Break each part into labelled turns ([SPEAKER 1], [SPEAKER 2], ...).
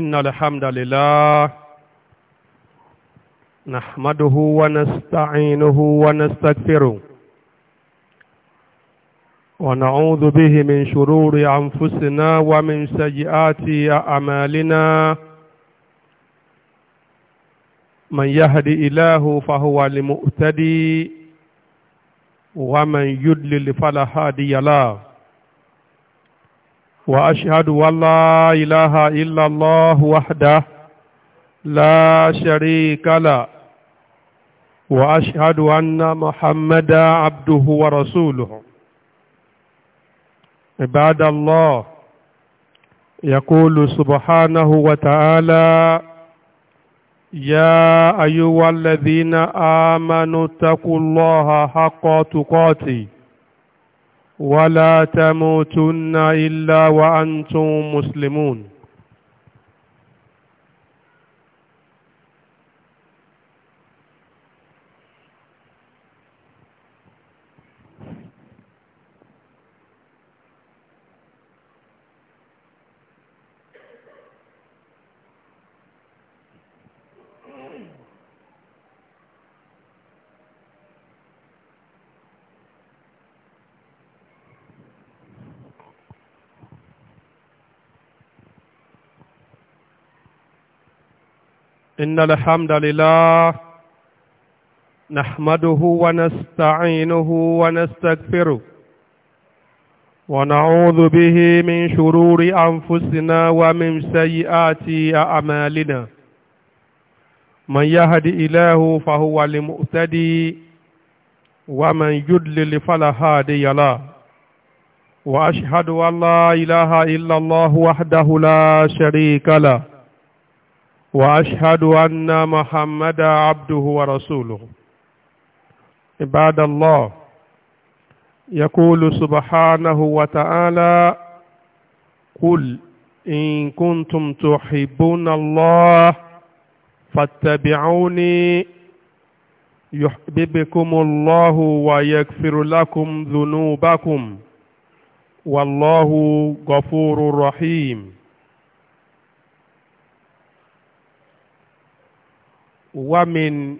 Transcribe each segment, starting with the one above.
[SPEAKER 1] إن الحمد لله نحمده ونستعينه ونستغفره ونعوذ به من شرور أنفسنا ومن سيئات أعمالنا من يهدي إله فهو المؤتدي ومن يدلل فلا هادي له وأشهد أن لا إله إلا الله وحده لا شريك له وأشهد أن محمدا عبده ورسوله عباد الله يقول سبحانه وتعالى يا أيها الذين آمنوا اتقوا الله حق تقاته ولا تموتن إلا وأنتم مسلمون إن الحمد لله نحمده ونستعينه ونستغفره ونعوذ به من شرور أنفسنا ومن سيئات أعمالنا من يهد إله فهو المؤتدي ومن يدلل فلا هادي له وأشهد أن لا إله إلا الله وحده لا شريك له واشهد ان محمدا عبده ورسوله عباد الله يقول سبحانه وتعالى قل ان كنتم تحبون الله فاتبعوني يحببكم الله ويغفر لكم ذنوبكم والله غفور رحيم ومن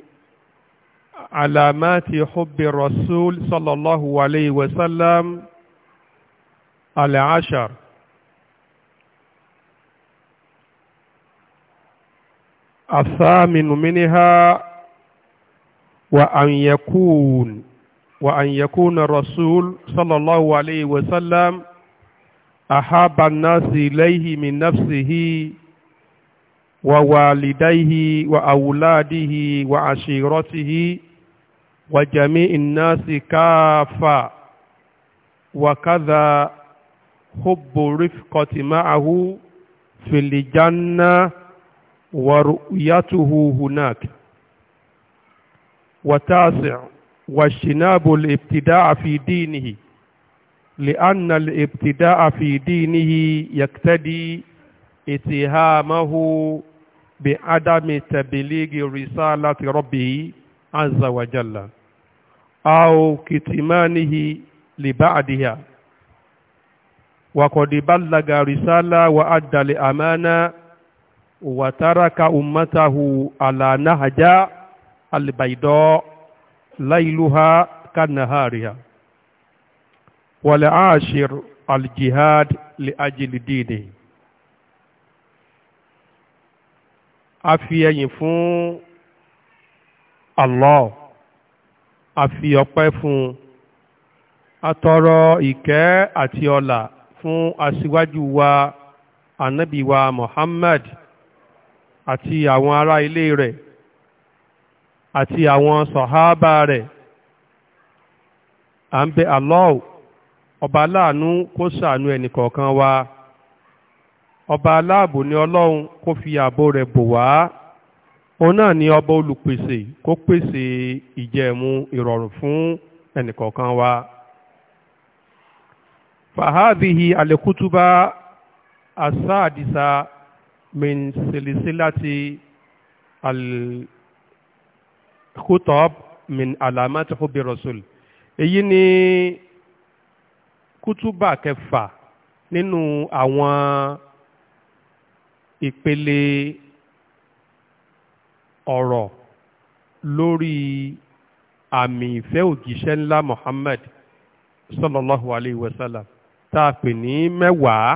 [SPEAKER 1] علامات حب الرسول صلى الله عليه وسلم العشر الثامن منها وأن يكون وأن يكون الرسول صلى الله عليه وسلم أحب الناس إليه من نفسه ووالديه وأولاده وعشيرته وجميع الناس كافة وكذا حب رفقة معه في الجنة ورؤيته هناك وتاسع واجتناب الابتداع في دينه لأن الابتداع في دينه يقتدي اتهامه بعدم تبليغ رسالة ربه عز وجل أو كتمانه لبعدها وقد بلغ رسالة وأدى الأمانة وترك أمته على نهج البيضاء ليلها كنهارها والعاشر الجهاد لأجل دينه a fi ẹyìn fún Allah a fi ọpẹ́ fún un a tọrọ ìkẹ́ àti ọlà fún aṣíwájú wa ànábì wa Muhammad àti àwọn ará ilé rẹ̀ àti àwọn sọ̀hábà rẹ̀ à ń bẹ Allah ọba láàánú kó ṣàánú ẹnìkọ̀ọ̀kan wa ọba aláàbò ni ọlọ́run kó fi ààbò rẹ̀ bò wá òun náà ni ọba olùpèsè kó pèsè ìjẹ̀mú ìrọ̀rùn fún ẹnìkọ̀ọ̀kan wa. fàhádìhì àlékútúbá asáàdìsá min silisilati alkutob min alamati hubi rasul èyí ni kútúbà kẹfà nínú àwọn ìpele ọ̀rọ̀ lórí àmì ìfẹ́ òjíṣẹ́ ńlá Muhammad sallallahu alayhi wa sallam tá a pè ní mẹ́wàá.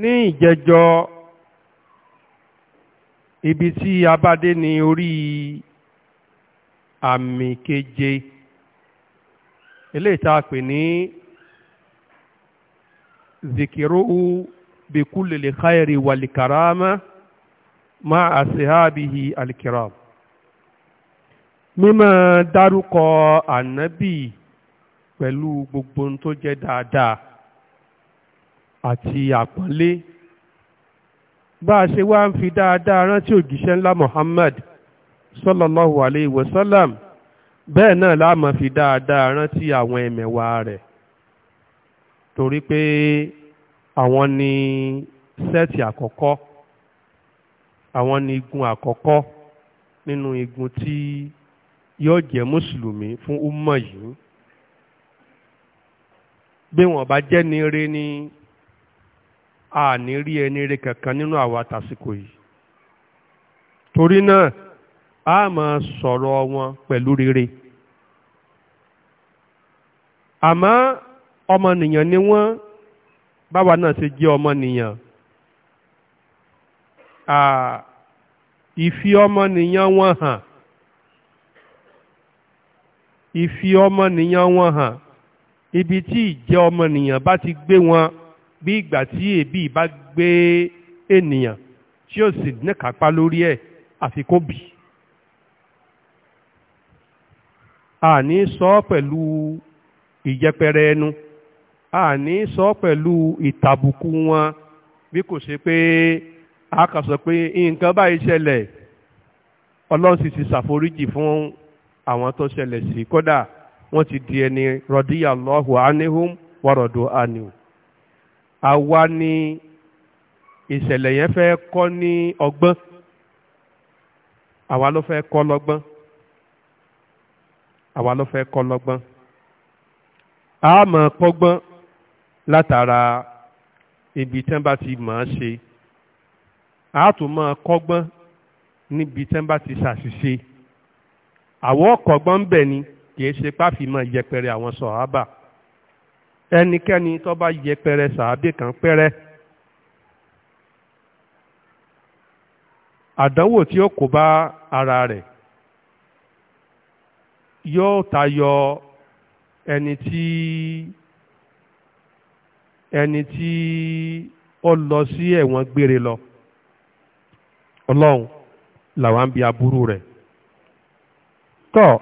[SPEAKER 1] ní ìjẹjọ ibi tí a bá dé ní orí àmì keje eléyìí tá ní ذكره بكل الخير والكرامة مع أصحابه الكرام مما dárúkọ النبي pẹ̀lú gbogbo ohun tó jẹ́ dáadáa àti àpọ́nlé bá a ṣe wá ń fi dáadáa rántí òjíṣẹ́ ńlá Muhammad sallallahu alayhi wa bẹ́ẹ̀ náà la fi dáadáa rántí àwọn ẹ̀mẹ̀wà rẹ̀ torí pé àwọn ni sẹ́ẹ̀tì àkọ́kọ́ àwọn ni igun àkọ́kọ́ nínú igun tí yóò jẹ́ mùsùlùmí fún umma yìí bí wọ́n bá jẹ́ ní rí ni a ní rí ẹni rí kankan nínú àwa tàsìkò yìí torí náà a máa sọ̀rọ̀ wọn pẹ̀lú rere àmọ́ ọmọnìyàn ni wọ́n báwa náà ṣe jẹ́ ọmọnìyàn ìfi ọmọnìyàn wọn hàn ìfi ọmọnìyàn wọn hàn ibi tí ìjẹ́ ọmọnìyàn bá ti gbé wọn bí ìgbà tí èébì bá gbé ènìyàn tí ó sì ní kápá lórí ẹ̀ àfi kó bì. sọ pẹ̀lú ìjẹpẹrẹ ẹnu a ní sọ pẹ̀lú ìtàbùkù wọn bí kò ṣe pé a kà sọ pé nǹkan báyìí ṣẹlẹ̀ ọlọ́run sì ti ṣàforíjì fún àwọn tó ṣẹlẹ̀ sí kódà wọ́n ti di ẹni rọ̀díyà lọ́hùn áníhùn wọ́rọ̀dọ̀ áníhùn. àwa ni ìṣẹ̀lẹ̀ yẹn fẹ́ kọ́ ní ọgbọ́n àwa ló fẹ́ kọ́ lọ́gbọ́n àwa ló fẹ́ kọ́ lọ́gbọ́n a máa kọ́gbọ́n látara ibi tí wọ́n bá ti mọ̀ ọ́n ṣe a tún máa kọ́gbọ́n níbi tí wọ́n bá ti ṣàṣìṣe àwọn kọ́gbọ́n ń bẹ̀ ni kì í ṣe páfi máa yẹpẹrẹ àwọn sọ̀hábà ẹnikẹ́ni tó bá yẹpẹrẹ sàábì kan pẹ́rẹ́ àdánwò tí ó kó bá ara rẹ̀ yóò tayọ ẹni tí ẹni tí ó lọ sí ẹ̀wọ̀n gbére lọ ọlọ́run làwọn ń bi aburú rẹ̀ tọ́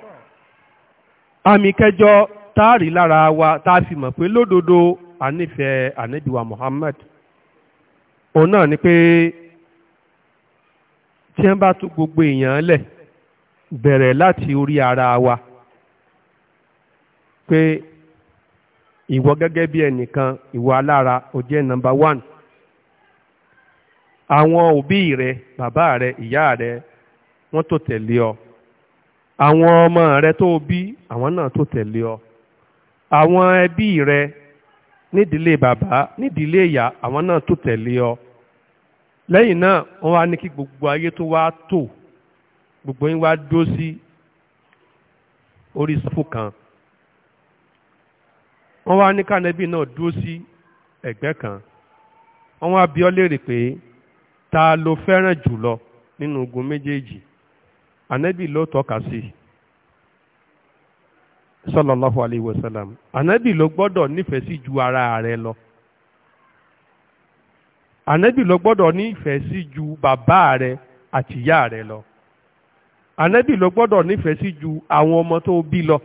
[SPEAKER 1] àmì kẹjọ táàrí lára wa tá a fi mọ̀ pé lódodo ànífẹ̀ẹ́ ànábìwá Muhammad òun náà ni pé tí wọ́n bá tún gbogbo èèyàn lẹ̀ bẹ̀rẹ̀ láti orí ara wa pé ìwọ gẹ́gẹ́ bí ẹnìkan ìwọ alára ó jẹ́ nọ́mbà one àwọn òbí rẹ bàbá rẹ ìyá rẹ wọ́n tó tẹ̀lé ọ àwọn ọmọ rẹ tó bí àwọn náà tó tẹ̀lé ọ àwọn ẹbí rẹ nídìílé bàbá nídìílé ìyá àwọn náà tó tẹ̀lé ọ lẹ́yìn náà wọ́n wá ní kí gbogbo ayé tó wá tò gbogbo yín wá dó sí orí sọ́fù kan wọ́n wá ní kánẹ́bì náà dúró sí ẹ̀gbẹ́ kan wọ́n wá bi ọ́ léèrè pé ta ló fẹ́ràn jùlọ nínú ogun méjèèjì ànẹ́bì ló tọ́ka sí sallallahu alayhi wa sallam ànẹ́bì ló gbọ́dọ̀ nífẹ̀ẹ́ sí ju ara rẹ lọ ànẹ́bì ló gbọ́dọ̀ nífẹ̀ẹ́ sí ju bàbá rẹ àtìyá rẹ lọ ànẹ́bì ló gbọ́dọ̀ nífẹ̀ẹ́ sí ju àwọn ọmọ tó bí lọ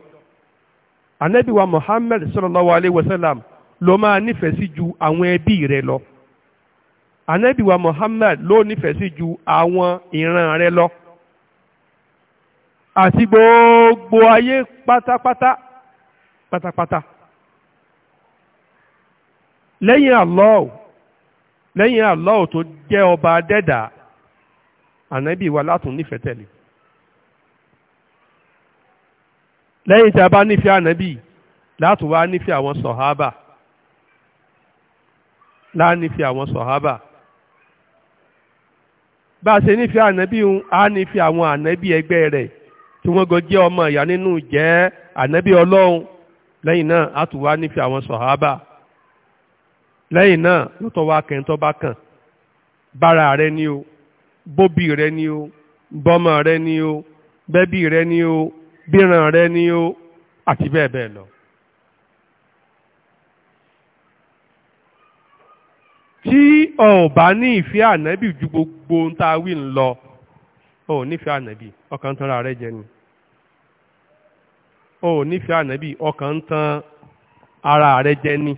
[SPEAKER 1] anabi wa muhammed sallallahu alayhi wa sallam ló máa nífẹ̀ẹ́ sí ju àwọn ẹbí rẹ lọ anabi wa muhammed ló nífẹ̀ẹ́ sí ju àwọn ìran rẹ lọ àti gbogbo ayé pátápátá pátápátá lẹ́yìn Allah lẹ́yìn Allah tó jẹ́ ọba dẹ́dà ànábì látún nífẹ̀ẹ́ tẹ̀lé lẹ́yìn tí a bá nífẹ̀ẹ́ ànábì látún wá nífẹ̀ẹ́ àwọn sọ̀hábà lánífẹ̀ẹ́ àwọn sọ̀hábà bá a ṣe nífẹ̀ẹ́ ànábì ń á nífẹ̀ẹ́ àwọn ànábì ẹgbẹ́ rẹ̀ tí wọ́n gọ jẹ́ ọmọ ìyá nínú jẹ́ ànábì ọlọ́run lẹ́yìn náà á tún wá nífẹ̀ẹ́ àwọn sọ̀hábà lẹ́yìn náà ló tọ́ wá kẹ́ ń bá kàn bára rẹ ni o bóbì rẹ ni o bọ́mọ rẹ ni o bẹ́bí rẹ ni o bíran rẹ ni ó àti bẹ́ẹ̀ bẹ́ẹ̀ lọ. tí ọ ò bá ní ìfẹ́ ànábì ju gbogbo ohun tá a wí ń lọ o ò nífẹ̀ẹ́ ànábì ọkàn tán ra rẹ jẹ ni o ò nífẹ̀ẹ́ ànábì ọkàn tán ara rẹ jẹ ni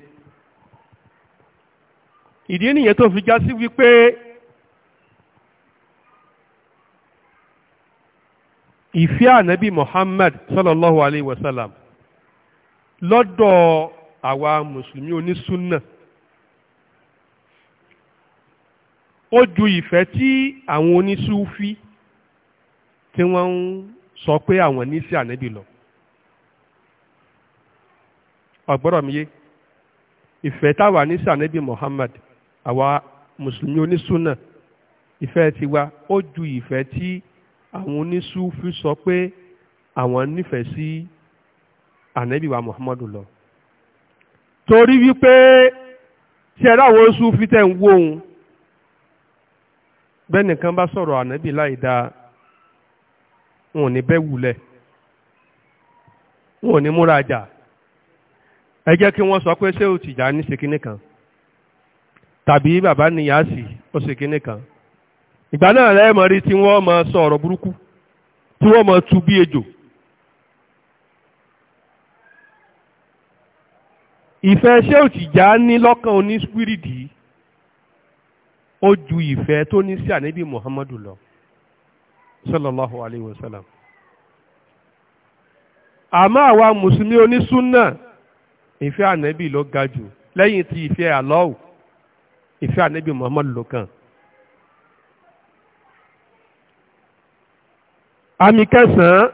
[SPEAKER 1] ìdí nìyẹn tó fi já sí wípé ìfẹ́ ànábì Muhammad sallallahu alayhi wa sallam lọ́dọ̀ àwa mùsùlùmí onísúnnà ó ju ìfẹ́ tí àwọn onísúfí tí wọ́n ń sọ pé àwọn ní sí ànábì lọ ọ̀gbọ́dọ̀ mi yé ìfẹ́ táwa ní sí ànábì Muhammad àwa mùsùlùmí onísúnnà ìfẹ́ tiwa ó ju ìfẹ́ tí àwọn onísúfí sọ pé àwọn nífẹ̀ẹ́ sí ànábì wa muhammadu lọ torí wípé tí ẹ̀rọ àwọn súfí tẹ̀ ń wó òun bẹ́nìkan bá sọ̀rọ̀ ànábì láì dáa wọn ò ní bẹ́ wulẹ̀ wọn ò ní múra jà ẹ jẹ́ kí wọ́n sọ pé ṣé o Tìjàní ṣe kinní kan tàbí bàbá níyàásì ó ṣe kan ìgbà náà lẹ́ẹ̀mọ̀ rí tí wọ́n máa sọ ọ̀rọ̀ burúkú tí wọ́n máa tu bí ejò ìfẹ́ ṣé òtìjà ní lọ́kàn oníswírìdì ó ju ìfẹ́ tó ní sí ànábì Muhammadu lọ sallallahu alayhi wa sallam àmọ́ àwa mùsùlùmí onísúnnà ìfẹ́ ànábì ló ga jù lẹ́yìn tí ìfẹ́ àlọ́wù ìfẹ́ ànábì Muhammadu ló kàn àmì kẹsàn-án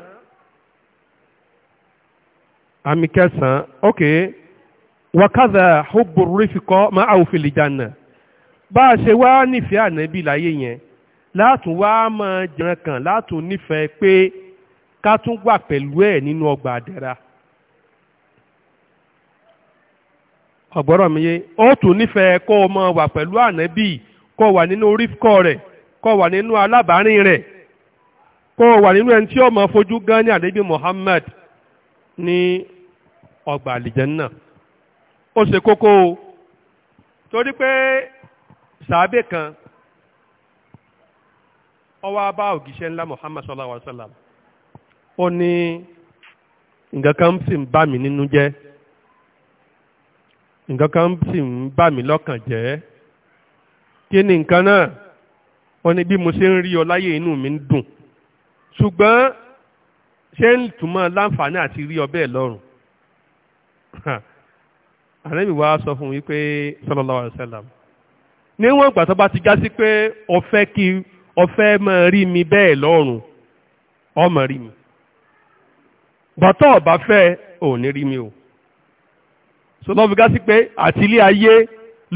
[SPEAKER 1] àmì kẹsàn-án ok wàkàdà hubbu rífikọ́ máa àwòfin lè jànà bá a ṣe wá nífẹ̀ẹ́ ànábì láyé yẹn látún wá máa jẹran kan látún nífẹ̀ẹ́ pé ká tún wà pẹ̀lú ẹ̀ nínú ọgbà àdẹ́ra. ọ̀gbọ́rọ̀ mi yé ó tún nífẹ̀ẹ́ kó o máa wà pẹ̀lú ànábì kó wà nínú rífikọ́ rẹ̀ kó wà nínú alábàárín rẹ̀ kó o wà nínú ẹni tí ó máa fojú gan ní àdébí Muhammad ní ọgbà àlìjẹ́nnà ó ṣe kókó o torí pé sàábẹ̀ kan ó bá ògìṣẹ́ ńlá Muhammad sallallahu alaihi wasallam ó ní nǹkan kan sì ń bà mí nínú jẹ́ nǹkan kan sì ń bà mí lọ́kàn jẹ́ kí ni nǹkan náà ó ní bí mo ṣe ń rí ọ láyé inú mi ń dùn ṣùgbọ́n ṣé ń túmọ̀ láǹfààní àti rí ọbẹ̀ lọ́rùn ànábì wa sọ fún wípé sallallahu alaihi wasallam níwọ̀n ìgbà tó bá ti já sí pé ọ̀fẹ́ kí ọ̀fẹ́ máa rí mi bẹ́ẹ̀ lọ́rùn ọmọ rí mi bàtọ́ ọ̀bá fẹ́ ò ní rí mi o so lọ́ọ́ fi sí pé àti ilé ayé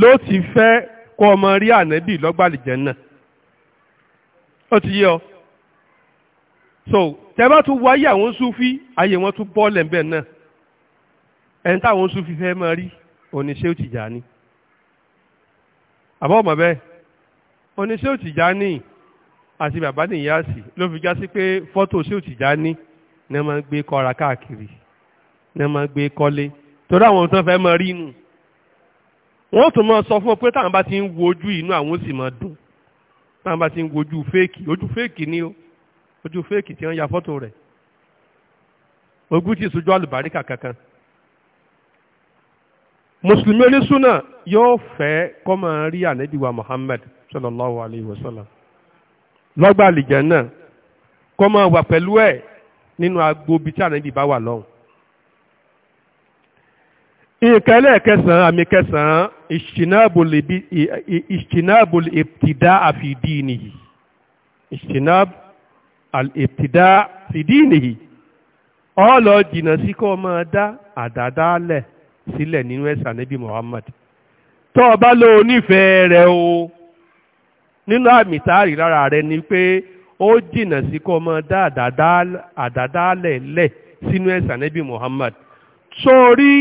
[SPEAKER 1] ló ti fẹ́ kó ọmọ rí ànábì lọ́gbàlejẹ̀ náà ó ti yé ọ so tẹ́bá tún wọ ayé àwọn súfí ayé wọn tún bọ́ọ̀lẹ̀ ń bẹ̀ náà ẹni táwọn súfí fẹ́ máa rí oníṣẹ́ òtìjà ni àbọ̀ ọmọ bẹ́ẹ̀ oníṣẹ́ òtìjà ni àti bàbá nìyáàsì ló fi já sí pé fọ́tò ṣé òtìjà ni ní wọ́n máa ń gbé kọ́ra káàkiri ní wọ́n máa ń gbé kọ́lé torí àwọn tó fẹ́ máa rí inú wọ́n tún máa sọ fún ọ pé táwọn bá ti ń wojú inú àwọn sì máa dùn táwọn bá ti ń wojú fẹ́ẹ̀kì ojú fẹ́ẹ̀kì ni o ojú fẹ́ẹ̀kì tí wọ́n ya fọ́tò rẹ̀ ogún tí ìsojú àlùbáríkà kankan mùsùlùmí onísùnà yóò fẹ́ kọ́ máa rí ànábìwá Muhammad sallallahu alayhi wa sallam lọ́gbà àlìjẹ́ náà kọ́ máa wà pẹ̀lú ẹ̀ nínú agbo bíi tí ànábì bá wà lọ́hùn. nǹkan ẹlẹ́ẹ̀kẹsàn-án àmì kẹsàn-án ìṣìnàbùl ìbtìdá àfìdí nìyí ìṣìnàbùl al-ibtida fi dinihi ọlọ jìnnà sí kó máa dá àdádálẹ̀ sílẹ̀ nínú ẹ̀sà níbi Muhammad tó o bá lọ onífẹ̀ẹ́ rẹ o nínú àmì táàrí lára rẹ ni pé ó jìnnà sí kó máa dá àdádálẹ̀ lẹ̀ sínú ẹ̀sà níbi Muhammad sórí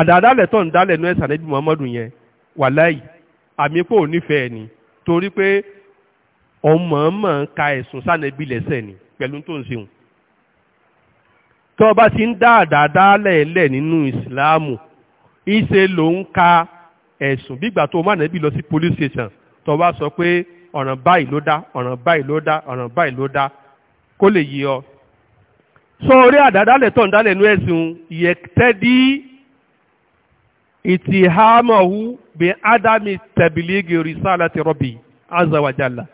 [SPEAKER 1] àdádálẹ̀ tó ń dálẹ̀ nínú ẹ̀sà níbi Muhammad yẹn wàláì àmì pò onífẹ̀ẹ́ ni torí pé ọmọọmọ ń ka ẹ̀sùn sánẹ́bí lẹ́sẹ̀ ni pẹ̀lú tó ń ṣeun tó o bá ti ń dá àdáadáa lẹ́ẹ̀lẹ̀ nínú ìsìláàmù ìṣe ló ń ka ẹ̀sùn bígbà tó má nẹ́bí lọ sí police station tó o bá sọ pé ọ̀ràn báyìí ló dá ọ̀ràn báyìí ló dá ọ̀ràn báyìí ló dá kó lè yí ọ sọ orí àdádálẹ̀ tó ń dálẹ̀ nú ẹ̀sùn yẹtẹ́dí ìtìhámọ̀hú bí ádámì tẹ̀bìlì gèrè sáà rọ́bì azawajala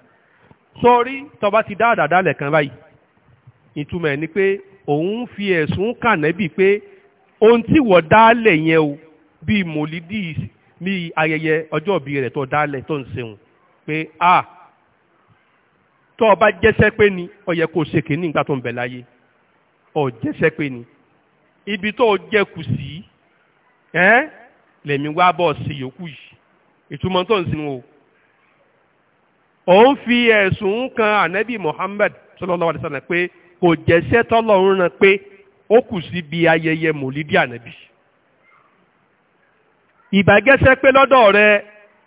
[SPEAKER 1] sórí tọba ti dá àdàdà lẹ̀kan báyìí ìtumọ̀ ẹ̀ ni pé òun fi ẹ̀sùn kànẹ́bì pé ohun tí wọ́n dálẹ̀ yẹn o bíi mòlídì ní ayẹyẹ ọjọ́ ìbí rẹ̀ tó dálẹ̀ tó ń ṣeun pé a tó ọba jẹ́sẹ́ pé ni ó yẹ kó ṣe kìíní nígbà tó ń bẹ láyé ó jẹ́sẹ́ pé ni ibi tó o jẹ́ kù sí ẹ́ lèmi wá bọ̀ sí yòókù yìí ìtumọ̀ tó ń sinmi o. ó ń fi ẹ̀sùn kan ànábì Muhammad sallallahu alaihi wasallam pé kò jẹ́sẹ́ tọ́lọ́run rán pé ó kù síbi ayẹyẹ mòlídìí ànábì ìbàgẹ́sẹ́ pé lọ́dọ̀ rẹ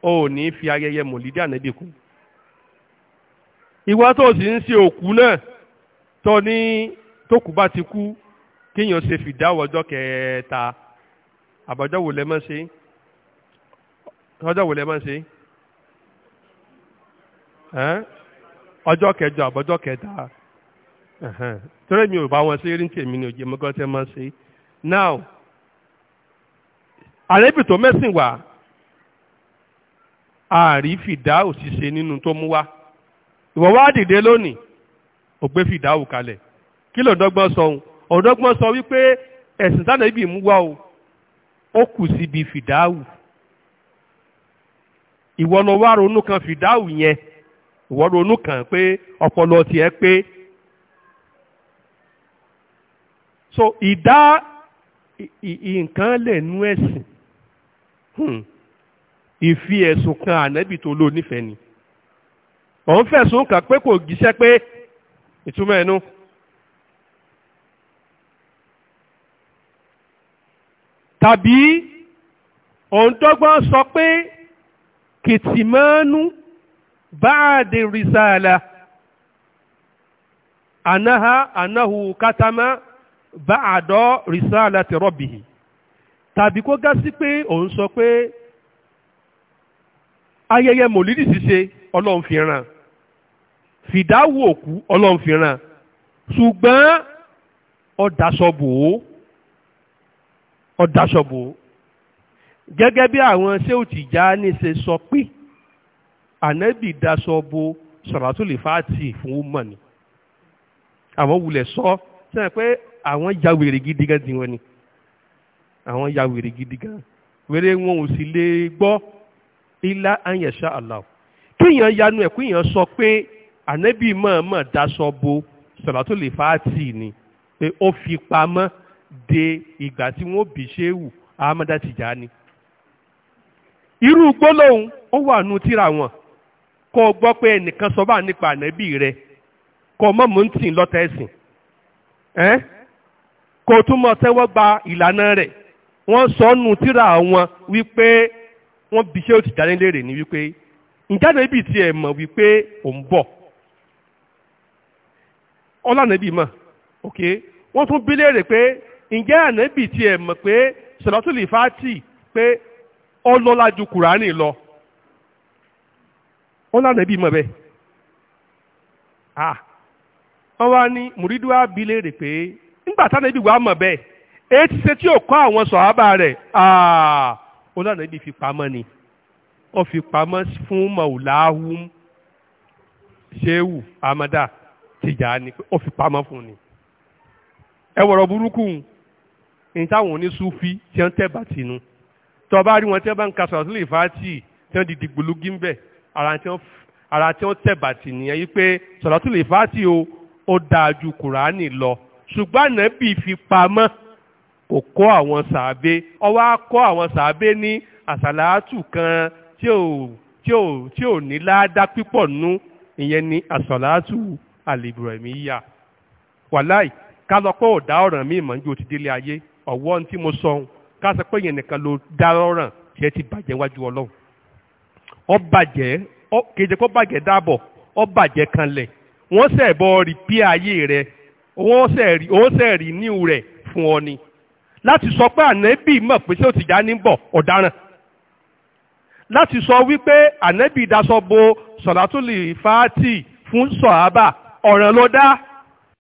[SPEAKER 1] ò ní fi ayẹyẹ mòlídìí ànábì kù ìwà tó sì ń ṣe òkú náà tó ní bá ti kú kíyàn ṣe fìdáwọ́ ọjọ́ ọjọ́ kẹjọ àbọ̀jọ́ kẹta torí mi ò bá wọn sí rí mi ní òjì mọ́gán sí now àrẹ́bì tó mẹ́sìn wà ààrí fìdá òṣìṣẹ́ nínú tó mú wá ìwọ wá dìde lónìí ò gbé fìdá kalẹ̀ kí ló dọ́gbọ́n sọ ọ̀dọ́gbọ́n sọ wípé ẹ̀sìn mú wá o ó kù síbi yẹn ìwọ ronú kàn pé ọpọlọ tiẹ̀ pé so ìdá nǹkan lè nú ẹ̀sìn hmm. ìfi ẹ̀sùn kan ànábì tó lò nífẹ̀ẹ́ ni òun fẹ̀sùn kàn pé kò jíṣẹ́ pé ìtumọ̀ ẹnu. tàbí òun dọ́gbọ́n sọ pé kìtìmọ́nú báàdì rìsáàlà ànáhà ànáhù kátámá báàdọ́ rìsáàlà ti rọ́bìhì tàbí kó gá sí pé òun sọ pé ayẹyẹ mòlídì ṣíṣe ọlọ́run fi ràn fìdáwò òkú ọlọ́run ṣùgbọ́n ọ̀dàṣọ́bò ọ̀dàṣọ́bò gẹ́gẹ́ bí àwọn ṣéòtì já ní ṣe sọ pé ànábì daṣọ bo sọ̀ràtúlì fáàtì fún ọmọ ni àwọn wulẹ̀ sọ sẹ́yìn pé àwọn ya wèrè gidi gan ti wọn ni àwọn ya wèrè gidi gan wèrè wọn ò sì lè gbọ́ ilá ayẹ̀ṣà Allah kéèyàn yanu ẹ̀ kéèyàn sọ pé ànábì mọ̀ọ́mọ̀ daṣọ bo sọ̀ràtúlì fáàtì ni pé ó fi pamọ́ de ìgbà tí wọ́n bí ṣéwù Ahmada Tijani irú gbólóhùn ó wà nù tíra wọn kó o gbọ́ pé ẹnìkan sọ bá nípa ànábì rẹ kó o mọ̀ mú tì lọ́tẹ̀ ẹ̀sìn ẹ́ kó o tún mọ̀ tẹ́wọ́ gba ìlànà rẹ̀ wọ́n sọ nù tíra wọn wípé wọ́n bí ṣé o ti dání léèrè ni wípé ǹjẹ́ ànábì tiẹ̀ mọ̀ wípé ò ń bọ̀ ọlànàbì mọ̀ ok wọ́n tún bí léèrè pé ǹjẹ́ ànábì tiẹ̀ mọ̀ pé sọ̀rọ̀tún lè fàá tì pé ọlọ́lá ju kùránì lọ ó lànà bí mọ̀ bẹ́ẹ̀ à wọ́n wá ní mùrídùú àbílẹ̀ rè pé nígbà táwọn ibi wàá mọ̀ bẹ́ẹ̀ èyí ti ṣe tí ò kọ́ àwọn sọ̀hábà rẹ̀ ó lànà ibi fi pamọ́ ni ó fi pamọ́ fún mọ̀ọ́láhù ṣéwù amada Tìjàní ó fi pamọ́ fún ni ẹ wọ̀rọ̀ burúkú ní táwọn oníṣúfí tí wọ́n tẹ̀ bàtínú tọ́ bá rí wọn tí wọ́n bá ń ka sílẹ̀ fàátì tí wọ́n di dìgbòlógí ń bẹ̀ ara tí wọ́n ara tí wọ́n tẹ̀bàtì nìyẹn yìí pé sọ̀rọ̀tún lè fàtì o ó dáa ju kùránì lọ ṣùgbọ́n ànábì fi pamọ́ kò kọ́ àwọn sàábé ọwọ́ á kọ́ àwọn sàábé ní àsàlátù kan tí ò tí ò tí ò ní láádá pípọ̀ nú ìyẹn ní àsàlátù àlìbùrẹ̀míyà wàláì ká lọ pé ò ọ̀ràn míì mọ̀ níbi òtí délé ayé ọ̀wọ́ tí mo sọ ká sọ pé yẹn nìkan ló dá ọ̀ràn tí ti bàjẹ́ wájú ọlọ́run ọ bàjẹ́ ọ kéde kó bàjẹ́ dábọ̀ ọ bàjẹ́ kanlẹ̀ wọ́n sẹ̀ bọ́ rìpíà ayé rẹ̀ wọ́n sẹ̀ rí wọ́n sẹ̀ rí níwù rẹ̀ fún ọ ni láti sọ pé ànẹ́bì mọ̀ pé ṣé Tìjàní ń bọ̀ ọ̀daràn láti sọ wípé ànẹ́bì daṣọ bo sọ̀látùlì fáátì fún sọ̀hábà ọ̀ràn ló dá.